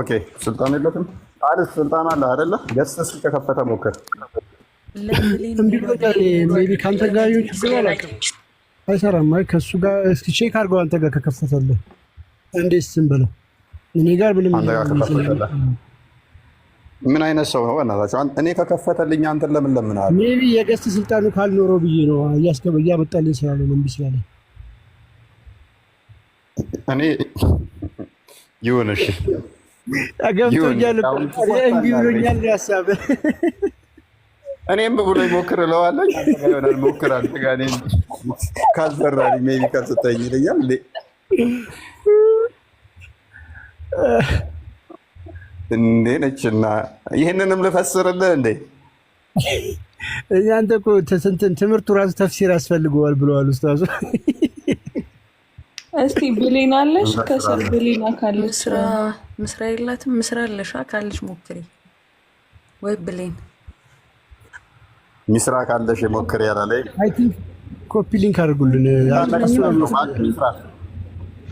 ኦኬ ስልጣን የለትም አሪፍ ስልጣን አለ አይደለ? ገስ እስኪ ከከፈተ ሞክር። ቢ ከአንተ ጋር ይሁን ችግር አላውቅም። አይሰራም። አይ ከእሱ ጋር እስኪ ቼክ አድርገው። አንተ ጋር ከከፈተለ እንዴት ስም ብለው እኔ ጋር ብልም ምን አይነት ሰው ነው በእናታችሁ? እኔ ከከፈተልኝ አንተን ለምን ለምን ሜይ ቢ የገስት ስልጣኑ ካልኖረው ብዬ ነው እያስገበ እያመጣልኝ ስላለ ነው ስላለ እኔ ይሁን እሺ ገብቶኛል። እምቢ ብሎኛል እኔም ብሎ ይሞክር እለዋለሁ። ሞክር አንተ ቢ ካልሰጠኝ ይለኛል እንዴ ይህንንም ልፈስርልህ እንዴ እኛ አንተ ትምህርቱ ራሱ ተፍሲር ያስፈልገዋል ብለዋል ውስጥ ራሱ እስቲ ብሌን አለሽ? ከስር ብሌና ካለች ስራ ምስራ የላትም። ምስራ አለሽ ካለች ሞክሬ ወይ ብሌን ሚስራ ካለሽ ሞክሪ። ያላለኝ ኮፒ ሊንክ አድርጉልን።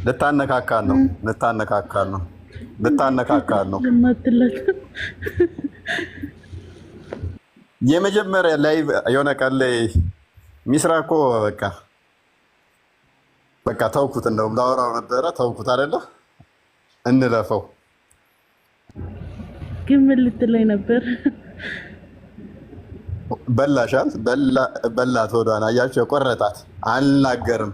ልታነካካል ነው፣ ልታነካካል ነው፣ ልታነካካል ነው። የመጀመሪያ ላይ የሆነ ቀን ላይ ሚስራ እኮ በቃ በቃ ተውኩት። እንደውም ላወራው ነበረ ተውኩት። አይደለ እንለፈው። ግን ምን ልትለኝ ነበር? በላሻት በላት፣ ወዷን አያቸው፣ ቆረጣት። አልናገርም።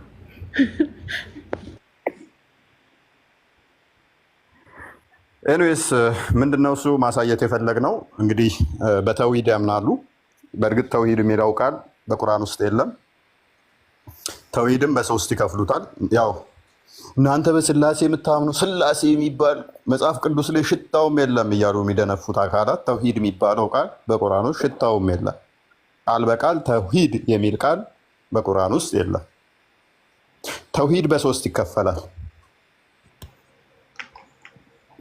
ኤንዌስ ምንድነው እሱ ማሳየት የፈለግ ነው እንግዲህ በተውሂድ ያምናሉ። በእርግጥ ተውሂድ የሚለው ቃል በቁርአን ውስጥ የለም። ተውሂድን በሶስት ይከፍሉታል። ያው እናንተ በስላሴ የምታምኑ ስላሴ የሚባል መጽሐፍ ቅዱስ ላይ ሽታውም የለም እያሉ የሚደነፉት አካላት ተውሂድ የሚባለው ቃል በቁርአን ውስጥ ሽታውም የለም። ቃል በቃል ተውሂድ የሚል ቃል በቁርአን ውስጥ የለም። ተውሂድ በሶስት ይከፈላል።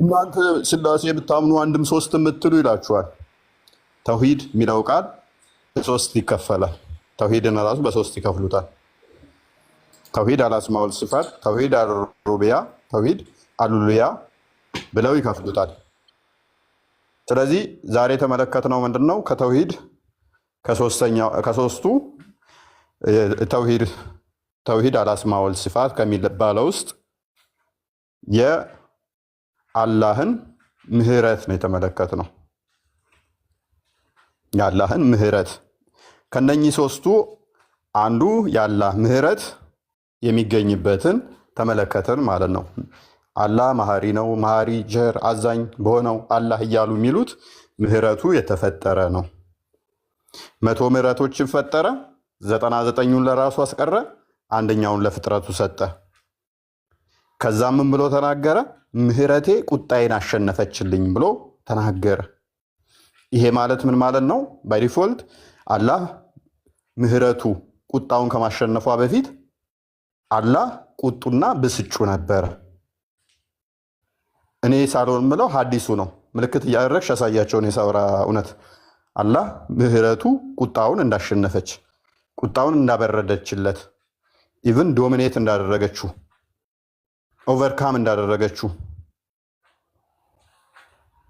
እናንተ ስላሴ የምታምኑ አንድም ሶስት የምትሉ ይላችኋል። ተውሂድ የሚለው ቃል በሶስት ይከፈላል። ተውሂድን ራሱ በሶስት ይከፍሉታል። ተውሂድ አላስማውል ስፋት፣ ተውሂድ አሩቢያ፣ ተውሂድ አሉልያ ብለው ይከፍሉታል። ስለዚህ ዛሬ የተመለከትነው ምንድን ነው? ከተውሂድ ከሶስቱ ተውሂድ አላስማውል ስፋት ከሚባለው ውስጥ የአላህን ምህረት ነው የተመለከትነው። የአላህን ምህረት ከነኚህ ሶስቱ አንዱ የአላህ ምህረት የሚገኝበትን ተመለከትን ማለት ነው። አላህ መሐሪ ነው። መሐሪ ጀር አዛኝ በሆነው አላህ እያሉ የሚሉት ምህረቱ የተፈጠረ ነው። መቶ ምህረቶችን ፈጠረ፣ ዘጠና ዘጠኙን ለራሱ አስቀረ፣ አንደኛውን ለፍጥረቱ ሰጠ። ከዛ ምን ብሎ ተናገረ? ምህረቴ ቁጣዬን አሸነፈችልኝ ብሎ ተናገረ። ይሄ ማለት ምን ማለት ነው? ባይ አላህ ምህረቱ ቁጣውን ከማሸነፏ በፊት አላህ ቁጡና ብስጩ ነበር። እኔ ሳልሆን ምለው ሀዲሱ ነው። ምልክት እያደረግሽ ያሳያቸው እኔ እውነት አላህ ምህረቱ ቁጣውን እንዳሸነፈች ቁጣውን እንዳበረደችለት ኢቭን ዶሚኔት እንዳደረገችው ኦቨርካም እንዳደረገችው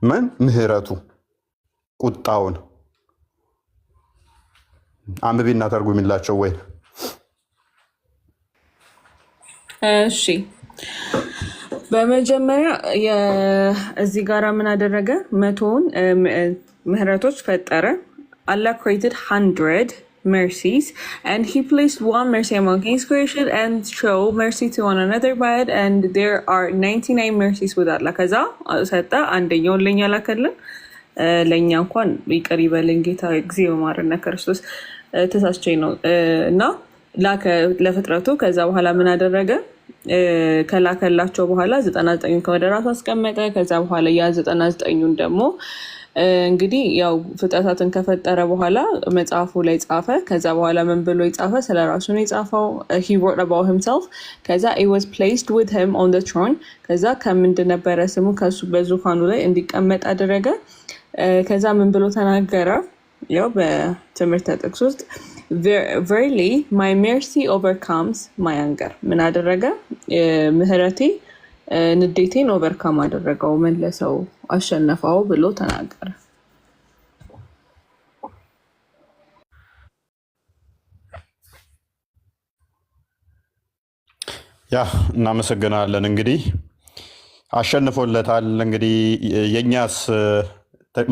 ምን ምህረቱ ቁጣውን አንብቢና ተርጉሚላቸው ወይ እሺ በመጀመሪያ እዚህ ጋራ ምን አደረገ? መቶውን ምህረቶች ፈጠረ። አላህ ክሬትድ ሃንድረድ mercies and he placed one mercy among his creation and show mercy to one another by it and there are ከዛ ሰጠ አንደኛውን ለኛ ላከልን ለእኛ እንኳን ይቅር ይበልን ጌታ ጊዜ በማረነ ክርስቶስ ተሳስቼ ነው እና ላከ ለፍጥረቱ ከዛ በኋላ ምን አደረገ ከላከላቸው በኋላ ዘጠና ዘጠኙን ከወደ ራሱ አስቀመጠ። ከዛ በኋላ ያ ዘጠና ዘጠኙን ደግሞ እንግዲህ ያው ፍጥረታትን ከፈጠረ በኋላ መጽሐፉ ላይ ጻፈ። ከዛ በኋላ ምን ብሎ የጻፈ ስለ ራሱ ነው የጻፈው። ሂ ሮት አባውት ሂምሰልፍ። ከዛ ኢ ዋዝ ፕሌስድ ዊዝ ሂም ኦን ዘ ትሮን። ከዛ ከምንድን ነበረ ስሙ ከሱ በዙፋኑ ላይ እንዲቀመጥ አደረገ። ከዛ ምን ብሎ ተናገረ? ያው በትምህርት ጥቅስ ውስጥ ቨርሊ ማይ ሜርሲ ኦቨርካምስ ማይ አንገር። ምን አደረገ? ምህረቴ ንዴቴን ኦቨርካም አደረገው፣ መለሰው፣ አሸነፈው ብሎ ተናገረ። ያ እናመሰግናለን። እንግዲህ አሸንፎለታል። እንግዲህ የእኛስ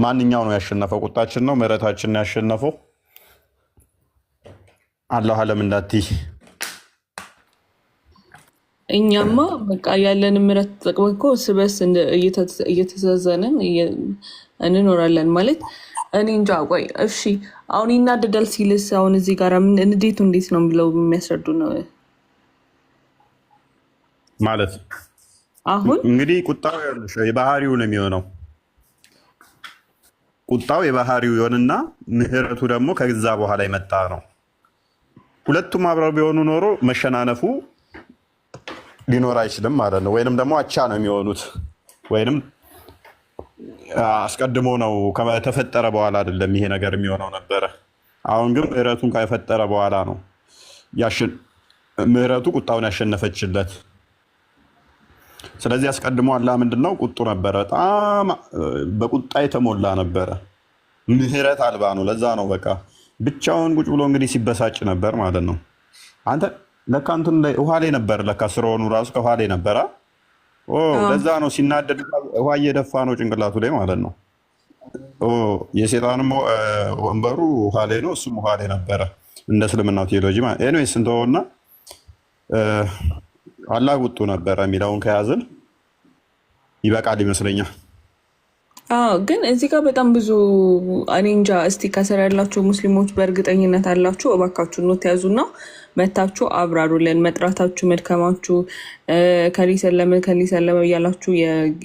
ማንኛው ነው ያሸነፈው? ቁጣችን ነው ምህረታችን ያሸነፈው? አለሁ አለም እንዳት እኛማ በቃ ያለን ምረት ተጠቅመን እኮ ስበስ እየተዘዘንን እንኖራለን ማለት እኔ እንጃ። ቆይ እሺ፣ አሁን ይናደዳል ሲልስ አሁን እዚህ ጋር እንዴቱ እንዴት ነው ብለው የሚያስረዱ ነው ማለት አሁን እንግዲህ ቁጣው ያለሽ የባህሪው ነው የሚሆነው። ቁጣው የባህሪው ይሆንና ምህረቱ ደግሞ ከዛ በኋላ የመጣ ነው። ሁለቱም አብረው ቢሆኑ ኖሮ መሸናነፉ ሊኖር አይችልም ማለት ነው። ወይንም ደግሞ አቻ ነው የሚሆኑት ወይንም አስቀድሞ ነው ከተፈጠረ በኋላ አይደለም ይሄ ነገር የሚሆነው ነበረ። አሁን ግን ምሕረቱን ከፈጠረ በኋላ ነው ምሕረቱ ቁጣውን ያሸነፈችለት። ስለዚህ አስቀድሞ አላ ምንድነው ቁጡ ነበረ፣ በጣም በቁጣ የተሞላ ነበረ፣ ምሕረት አልባ ነው። ለዛ ነው በቃ ብቻውን ቁጭ ብሎ እንግዲህ ሲበሳጭ ነበር ማለት ነው። አንተ ለካ እንትን ላይ ውሃ ላይ ነበር ለካ ስረሆኑ ራሱ ከውሃ ላይ ነበረ። ለዛ ነው ሲናደድ ውሃ እየደፋ ነው ጭንቅላቱ ላይ ማለት ነው። የሴጣንም ወንበሩ ውሃ ላይ ነው፣ እሱም ውሃ ላይ ነበረ። እንደ እስልምናው ቴዎሎጂ ኤኒዌይስ እንተሆና አላህ ውጡ ነበረ የሚለውን ከያዝን ይበቃል ይመስለኛል። ግን እዚህ ጋር በጣም ብዙ እኔ እንጃ። እስቲ ከስር ያላችሁ ሙስሊሞች በእርግጠኝነት አላችሁ፣ እባካችሁ ኖት ያዙና መታችሁ አብራሩልን። መጥራታችሁ፣ መድከማችሁ፣ ከሊሰለመ ከሊሰለመ እያላችሁ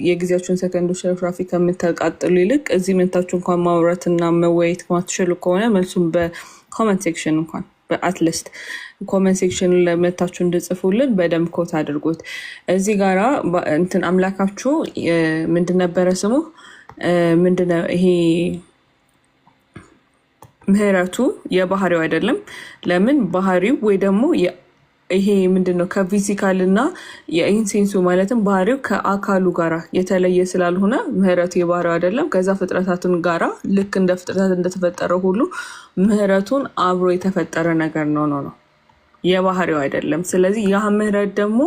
የጊዜያችሁን ሰከንዶች ሸፍራፊ ከምታቃጥሉ ይልቅ እዚህ መታችሁ እንኳን ማውራትና መወያየት ማትችሉ ከሆነ መልሱም በኮመንት ሴክሽን እንኳን በአትሊስት ኮመንት ሴክሽን ለመታችሁ እንድጽፉልን በደንብ ኮት አድርጉት። እዚህ ጋራ እንትን አምላካችሁ ምንድን ነበረ ስሙ ምንድነው ይሄ ምህረቱ የባህሪው አይደለም። ለምን ባህሪው ወይ ደግሞ ይሄ ምንድነው ከፊዚካል እና የኢንሴንሱ ማለትም ባህሪው ከአካሉ ጋራ የተለየ ስላልሆነ ምህረቱ የባህሪው አይደለም። ከዛ ፍጥረታትን ጋራ ልክ እንደ ፍጥረታት እንደተፈጠረ ሁሉ ምህረቱን አብሮ የተፈጠረ ነገር ነው ነው ነው የባህሪው አይደለም። ስለዚህ ያ ምህረት ደግሞ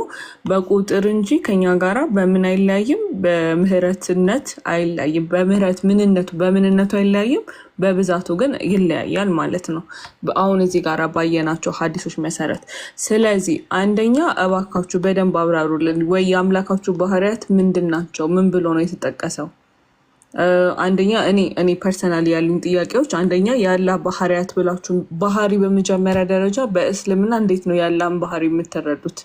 በቁጥር እንጂ ከኛ ጋራ በምን አይለያይም፣ በምህረትነት አይለያይም። በምህረት ምንነቱ በምንነቱ አይለያይም፣ በብዛቱ ግን ይለያያል ማለት ነው አሁን እዚህ ጋራ ባየናቸው ሀዲሶች መሰረት። ስለዚህ አንደኛ እባካችሁ በደንብ አብራሩልን ወይ የአምላካችሁ ባህሪያት ምንድን ናቸው? ምን ብሎ ነው የተጠቀሰው? አንደኛ እኔ እኔ ፐርሰናል ያሉኝ ጥያቄዎች አንደኛ የአላህ ባህሪያት ብላችሁ ባህሪ በመጀመሪያ ደረጃ በእስልምና እንዴት ነው የአላህን ባህሪ የምትረዱት?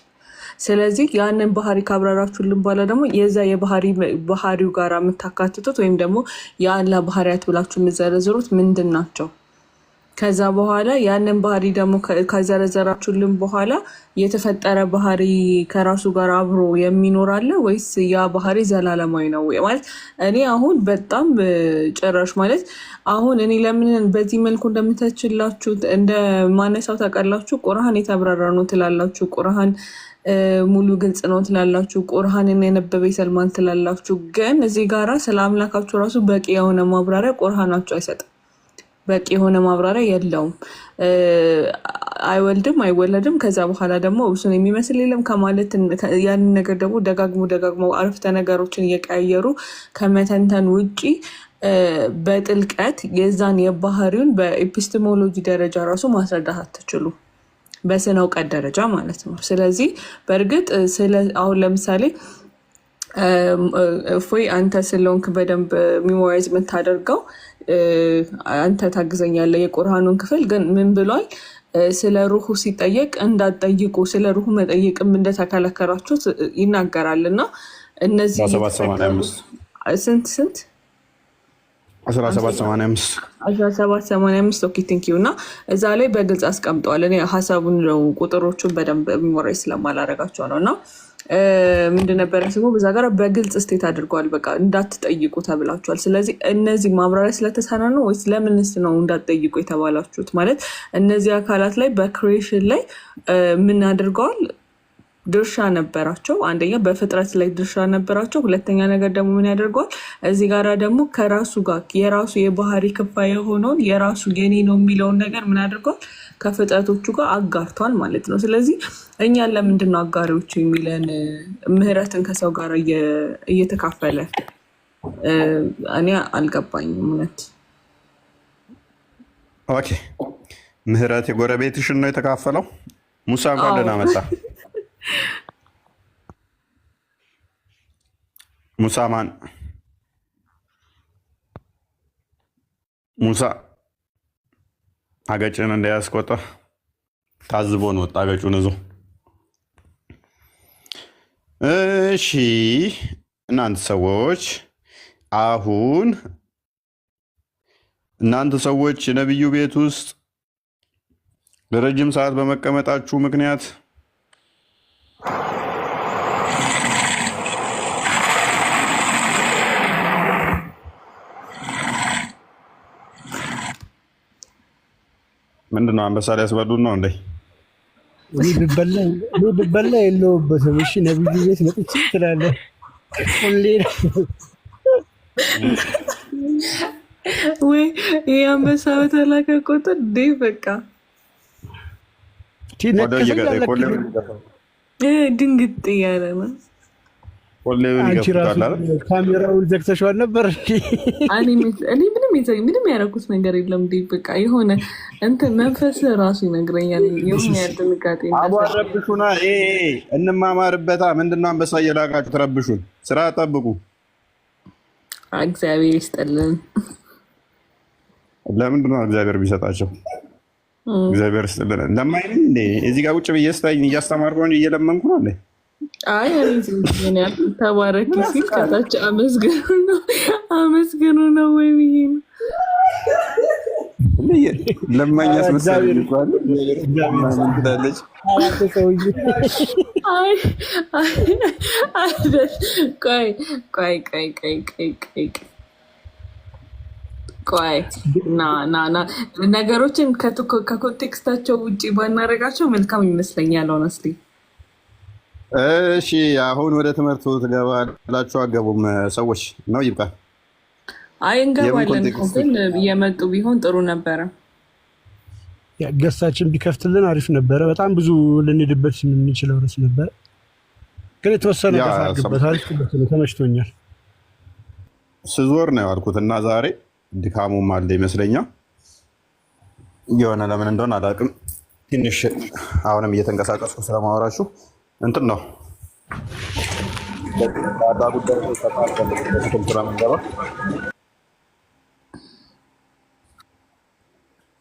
ስለዚህ ያንን ባህሪ ካብራራችሁልን በኋላ ደግሞ የዛ የባህሪ ባህሪው ጋር የምታካትቱት ወይም ደግሞ የአላህ ባህሪያት ብላችሁ የምዘረዝሩት ምንድን ናቸው? ከዛ በኋላ ያንን ባህሪ ደግሞ ከዘረዘራችሁልን በኋላ የተፈጠረ ባህሪ ከራሱ ጋር አብሮ የሚኖር አለ ወይስ ያ ባህሪ ዘላለማዊ ነው? ማለት እኔ አሁን በጣም ጭራሽ ማለት አሁን እኔ ለምን በዚህ መልኩ እንደምተችላችሁ እንደ ማነሳው ታውቃላችሁ። ቁርሃን የተብራራ ነው ትላላችሁ። ቁርሃን ሙሉ ግልጽ ነው ትላላችሁ። ቁርሃንን የነበበ ሰልማን ትላላችሁ። ግን እዚህ ጋራ ስለ አምላካችሁ ራሱ በቂ የሆነ ማብራሪያ ቁርሃናችሁ አይሰጥም። በቂ የሆነ ማብራሪያ የለውም። አይወልድም፣ አይወለድም፣ ከዛ በኋላ ደግሞ እሱን የሚመስል የለም ከማለት ያንን ነገር ደግሞ ደጋግሞ ደጋግሞ አረፍተ ነገሮችን እየቀያየሩ ከመተንተን ውጪ በጥልቀት የዛን የባህሪውን በኤፒስቴሞሎጂ ደረጃ ራሱ ማስረዳት አትችሉ፣ በስነ እውቀት ደረጃ ማለት ነው። ስለዚህ በእርግጥ አሁን ለምሳሌ እፎይ አንተ ስለሆንክ በደንብ ሚሞራይዝ የምታደርገው አንተ ታግዘኛለህ። የቁርሃኑን ክፍል ግን ምን ብሏል? ስለ ሩሁ ሲጠየቅ እንዳትጠይቁ ስለ ሩሁ መጠየቅም እንደተከለከላችሁ ይናገራል። እና እነዚህ ስንት ስንት 1785 እና እዛ ላይ በግልጽ አስቀምጠዋል። እኔ ሀሳቡን ቁጥሮቹን በደንብ ሞሬ ስለማላረጋቸው ነው እና ምንድን ነበረ ስሙ በዛ ጋር በግልጽ ስቴት አድርጓል። በቃ እንዳትጠይቁ ተብላችኋል። ስለዚህ እነዚህ ማብራሪያ ስለተሳና ነው ወይስ ለምንስ ነው እንዳትጠይቁ የተባላችሁት? ማለት እነዚህ አካላት ላይ በክሬሽን ላይ ምን አድርገዋል ድርሻ ነበራቸው። አንደኛ በፍጥረት ላይ ድርሻ ነበራቸው። ሁለተኛ ነገር ደግሞ ምን ያደርገዋል? እዚህ ጋራ ደግሞ ከራሱ ጋር የራሱ የባህሪ ክፋይ የሆነውን የራሱ የኔ ነው የሚለውን ነገር ምን ያደርገዋል? ከፍጥረቶቹ ጋር አጋርቷል ማለት ነው። ስለዚህ እኛን ለምንድን ነው አጋሪዎቹ የሚለን? ምህረትን ከሰው ጋር እየተካፈለ እኔ አልገባኝም እውነት። ኦኬ ምህረት የጎረቤትሽን ነው የተካፈለው። ሙሳ እንኳን ደህና መጣ። ሙሳማን ሙሳ አገጭን እንዳያስቆጠ ነው ወጣ። አገጩን እዞ እሺ፣ እናንተ ሰዎች አሁን እናንተ ሰዎች የነቢዩ ቤት ውስጥ ለረጅም ሰዓት በመቀመጣችሁ ምክንያት ምንድን ነው አንበሳ ሊያስበሉን ነው እንዴ? እኔ ብበላ የለውበትም። እሺ ነብዩ ቤት መጥቼ ትላለ ወይ ይህ አንበሳ በተላከ ቁጥር እንዴ በቃ ድንግጥ እያለ ነው። ካሜራውን ዘግተሽዋል ነበር እኔ ምንም ምንም ያደረኩት ነገር የለም። እንዴ በቃ የሆነ እንትን መንፈስ ራሱ ይነግረኛል። የሆነ ያድንጋጤ አቧረብሹና እንማማርበታ ምንድና አንበሳ እየላቃችሁ ትረብሹን። ስራ ጠብቁ። እግዚአብሔር ይስጠልን። ለምንድነው እግዚአብሔር ቢሰጣቸው እግዚአብሔር ስጥልን ለማይን እንዴ እዚህ ጋር ውጭ ብዬ ስታይኝ እያስተማርኩ እንጂ እየለመንኩ ነው እንዴ? አይ ተባረኪ ሲል ከታች አመስገን ነው አመስግኑ ነው ወይ ብዬ ነው። ለማኛ ስመሳለች ቆይ ቆይ ቆይ ቆይ ቆይ ቆይ ና ና ና ነገሮችን ከኮንቴክስታቸው ውጭ መልካም ይመስለኛል። ሆነስሊ እሺ፣ አሁን ወደ ትምህርቱ ትገባላችሁ። አገቡም ሰዎች ነው ይብቃል። አይ እንገባለን ግን እየመጡ ቢሆን ጥሩ ነበረ። ገሳችን ቢከፍትልን አሪፍ ነበረ። በጣም ብዙ ልንሄድበት የምንችለው ርስ ነበር፣ ግን የተወሰነ ገፋግበት አሪፍ ተመችቶኛል። ስዞር ነው ያልኩት እና ዛሬ ድካሙም አለ ይመስለኛል የሆነ ለምን እንደሆነ አላውቅም። ትንሽ አሁንም እየተንቀሳቀስኩ ስለማወራችሁ እንትን ነው ጉዳይ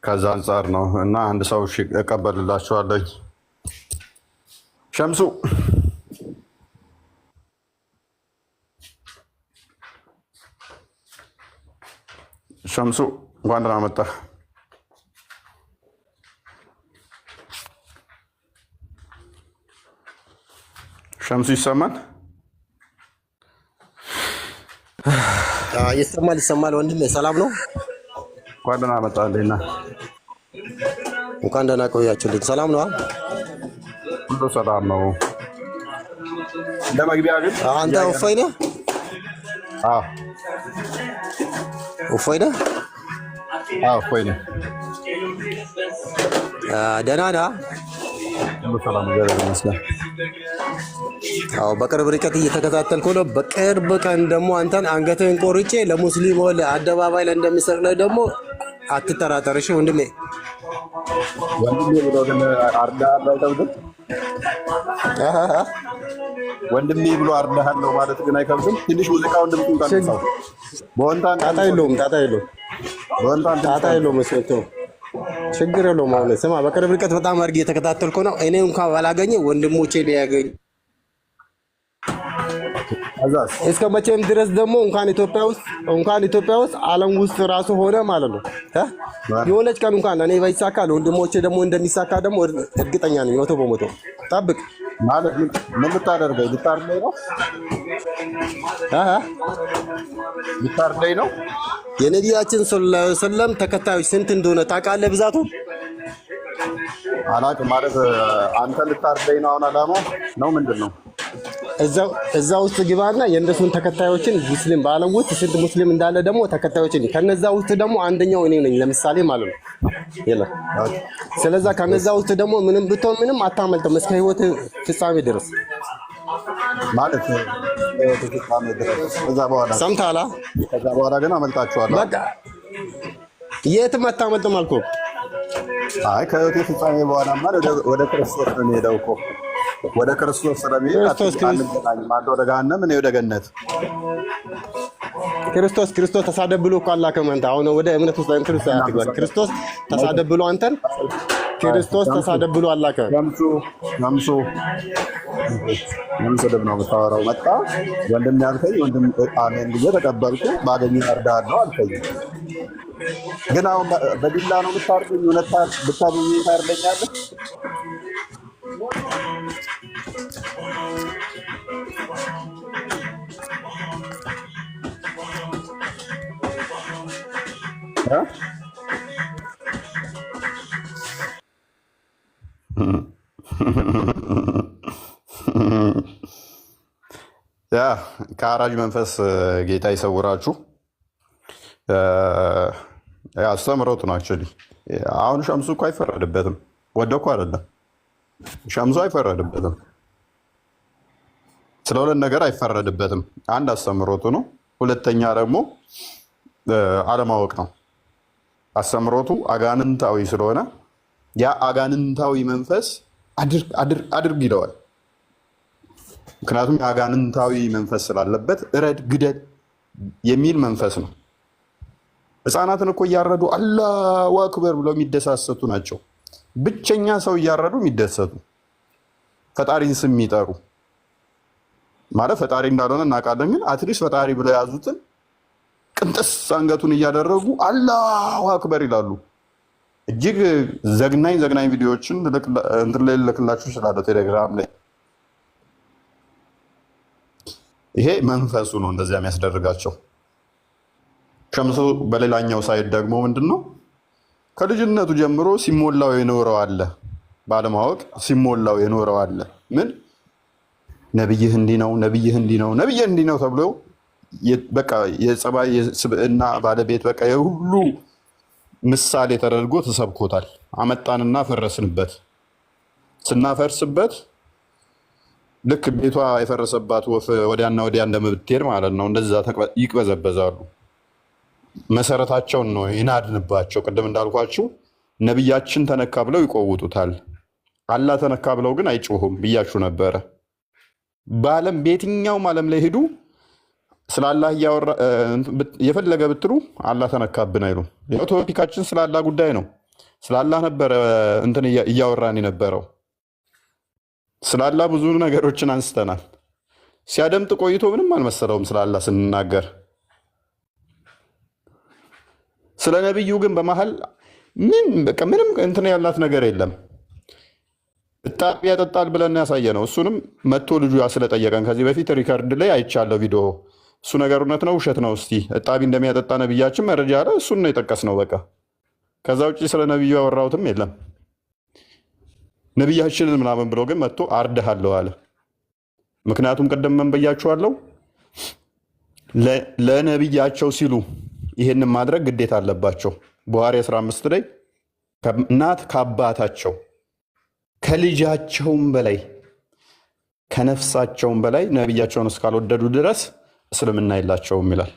ከዛ አንጻር ነው እና አንድ ሰው እቀበልላችኋለኝ። ሸምሱ ሸምሱ እንኳን ደህና መጣህ። ሸምሱ ይሰማል ይሰማል ይሰማል። ወንድም ሰላም ነው? እንኳን ደህና መጣህ። እንኳን ደህና ቆያችሁልኝ። ሰላም ነው ሁሉ ሰላም ነው። ለመግቢያ ግን አንተ እፎይ ነህ አዎ እፎይ ነህ አዎ እፎይ ነህ ደህና ነህ? አዎ በቅርብ ርቀት እየተከታተልኩ ነው። በቅርብ ቀን ደግሞ አንተን አንገትህን ቆርጬ ለሙስሊም አደባባይ ላይ እንደሚሰቅለው ደግሞ አትጠራጠርሽ ወንድሜ። ወንድሜ ብሎ ግን አርዳሃለሁ ወንድሜ ብሎ አርዳሃለሁ ማለት ግን አይከብድም። ትንሽ ሙዚቃ ድምፁን ቀንሰው በወንታን ጣጣ የለውም ጣጣ የለውም በወንታን ጣጣ የለውም መስለቸው ችግር የለውም። አሁን ስማ፣ በቅርብ ርቀት በጣም አድርጌ የተከታተልኩ ነው። እኔ እንኳን ባላገኘ ወንድሞቼ ሊያገኝ እስከ መቼም ድረስ ደግሞ እንኳን ኢትዮጵያ ውስጥ እንኳን ኢትዮጵያ ውስጥ ዓለም ውስጥ ራሱ ሆነ ማለት ነው። የሆነች ቀን እንኳን እኔ ባይሳካ ለወንድሞቼ ደግሞ እንደሚሳካ ደግሞ እርግጠኛ ነኝ። መቶ በመቶ ጠብቅ። ማለት ምን ልታደርገኝ? ልታር ላይ ነው ልታር ላይ ነው። የነቢያችን ሰለም ተከታዮች ስንት እንደሆነ ታውቃለህ? ብዛቱ አላውቅም። ማለት አንተ ልታር ላይ ነው አሁን አላማ ነው ምንድን ነው? እዛ ውስጥ ግባና የእነሱን ተከታዮችን ሙስሊም በዓለም ውስጥ ስንት ሙስሊም እንዳለ ደግሞ ተከታዮችን ከነዛ ውስጥ ደግሞ አንደኛው እኔ ነኝ ለምሳሌ ማለት ነው። ስለዛ ከነዛ ውስጥ ደግሞ ምንም ብትሆን ምንም አታመልጥም እስከ ህይወት ፍጻሜ ድረስ ማለት ሰምታላ። ከዛ በኋላ ግን አመልጣችኋለሁ። በቃ የትም አታመልጥም አልኩህ። አይ ከህይወት ፍጻሜ በኋላ ወደ ክርስቶስ ነው የሚሄደው እኮ ወደ ክርስቶስ ስለሚሄድ አንተ ወደ ገሃነም እኔ ወደ ገነት። ክርስቶስ ክርስቶስ ተሳደብ ብሎ እኮ አላከም። አንተ አሁን ወደ እምነት ውስጥ እንትን ውስጥ አትግባ። ክርስቶስ ተሳደብ ብሎ አንተን ክርስቶስ ተሳደብ ብሎ አላከም። ገምሱ ገምሱ ገምሱ ደብነው የምታወራው መጣ ወንድም ያልከኝ ወንድም አሜን ብዬ ተቀበልኩ። ባገኘ እርዳለሁ አልከኝ። ግን አሁን በዲላ ነው የምታርገኝ? እውነት ብታብኝ ታርገኛለህ? ያ ከአራጅ መንፈስ ጌታ ይሰውራችሁ። አስተምረቱ ናቸው። አሁን ሸምሱ እኮ አይፈረድበትም፣ ወደኩ አይደለም ሸምሶ አይፈረድበትም። ስለ ሁለት ነገር አይፈረድበትም። አንድ አስተምሮቱ ነው፣ ሁለተኛ ደግሞ አለማወቅ ነው። አስተምሮቱ አጋንንታዊ ስለሆነ ያ አጋንንታዊ መንፈስ አድርግ ይለዋል። ምክንያቱም የአጋንንታዊ መንፈስ ስላለበት እረድ፣ ግደል የሚል መንፈስ ነው። ህፃናትን እኮ እያረዱ አላሁ አክበር ብለው የሚደሳሰቱ ናቸው። ብቸኛ ሰው እያረዱ የሚደሰቱ ፈጣሪን ስም የሚጠሩ ማለት ፈጣሪ እንዳልሆነ እናውቃለን፣ ግን አትሊስት ፈጣሪ ብለው የያዙትን ቅንጥስ አንገቱን እያደረጉ አላሁ አክበር ይላሉ። እጅግ ዘግናኝ ዘግናኝ ቪዲዮዎችን እንትን ላይ ልልክላችሁ ይችላለ ቴሌግራም ላይ። ይሄ መንፈሱ ነው እንደዚያ የሚያስደርጋቸው። ሸምሱ በሌላኛው ሳይድ ደግሞ ምንድን ነው ከልጅነቱ ጀምሮ ሲሞላው የኖረው አለ፣ ባለማወቅ ሲሞላው የኖረው አለ። ምን ነብይህ እንዲህ ነው፣ ነብይህ እንዲህ ነው፣ ነብይህ እንዲህ ነው ተብሎ በቃ የጸባይ የስብዕና ባለቤት በቃ የሁሉ ምሳሌ ተደርጎ ተሰብኮታል። አመጣንና ፈረስንበት። ስናፈርስበት ልክ ቤቷ የፈረሰባት ወፍ ወዲያና ወዲያ እንደምትሄድ ማለት ነው። እንደዛ ይቅበዘበዛሉ። መሰረታቸውን ነው ይናድንባቸው። ቅድም እንዳልኳችሁ ነቢያችን ተነካ ብለው ይቆውጡታል። አላህ ተነካ ብለው ግን አይጮሁም ብያችሁ ነበረ። በዓለም በየትኛውም ዓለም ላይ ሄዱ ስለ አላህ የፈለገ ብትሉ አላህ ተነካብን አይሉም። ቶፒካችን ስለ አላህ ጉዳይ ነው። ስለ አላህ ነበረ እንትን እያወራን የነበረው ስለ አላህ ብዙ ነገሮችን አንስተናል። ሲያደምጥ ቆይቶ ምንም አልመሰለውም ስለ አላህ ስንናገር ስለ ነቢዩ ግን በመሀል ምንም እንትን ያላት ነገር የለም። እጣቢ ያጠጣል ብለን ያሳየ ነው። እሱንም መቶ ልጁ ስለጠየቀን ከዚህ በፊት ሪከርድ ላይ አይቻለሁ ቪዲዮ። እሱ ነገር እውነት ነው ውሸት ነው? እስቲ እጣቢ እንደሚያጠጣ ነብያችን መረጃ አለ። እሱን ነው የጠቀስ ነው በቃ። ከዛ ውጭ ስለ ነብዩ ያወራሁትም የለም። ነብያችንን ምናምን ብሎ ግን መጥቶ አርድሃለሁ አለ። ምክንያቱም ቅድም መንበያችኋለው ለነብያቸው ሲሉ ይህንን ማድረግ ግዴታ አለባቸው። ቡሃሪ 15 ላይ እናት ከአባታቸው ከልጃቸውም በላይ ከነፍሳቸውም በላይ ነቢያቸውን እስካልወደዱ ድረስ እስልምና የላቸውም ይላል።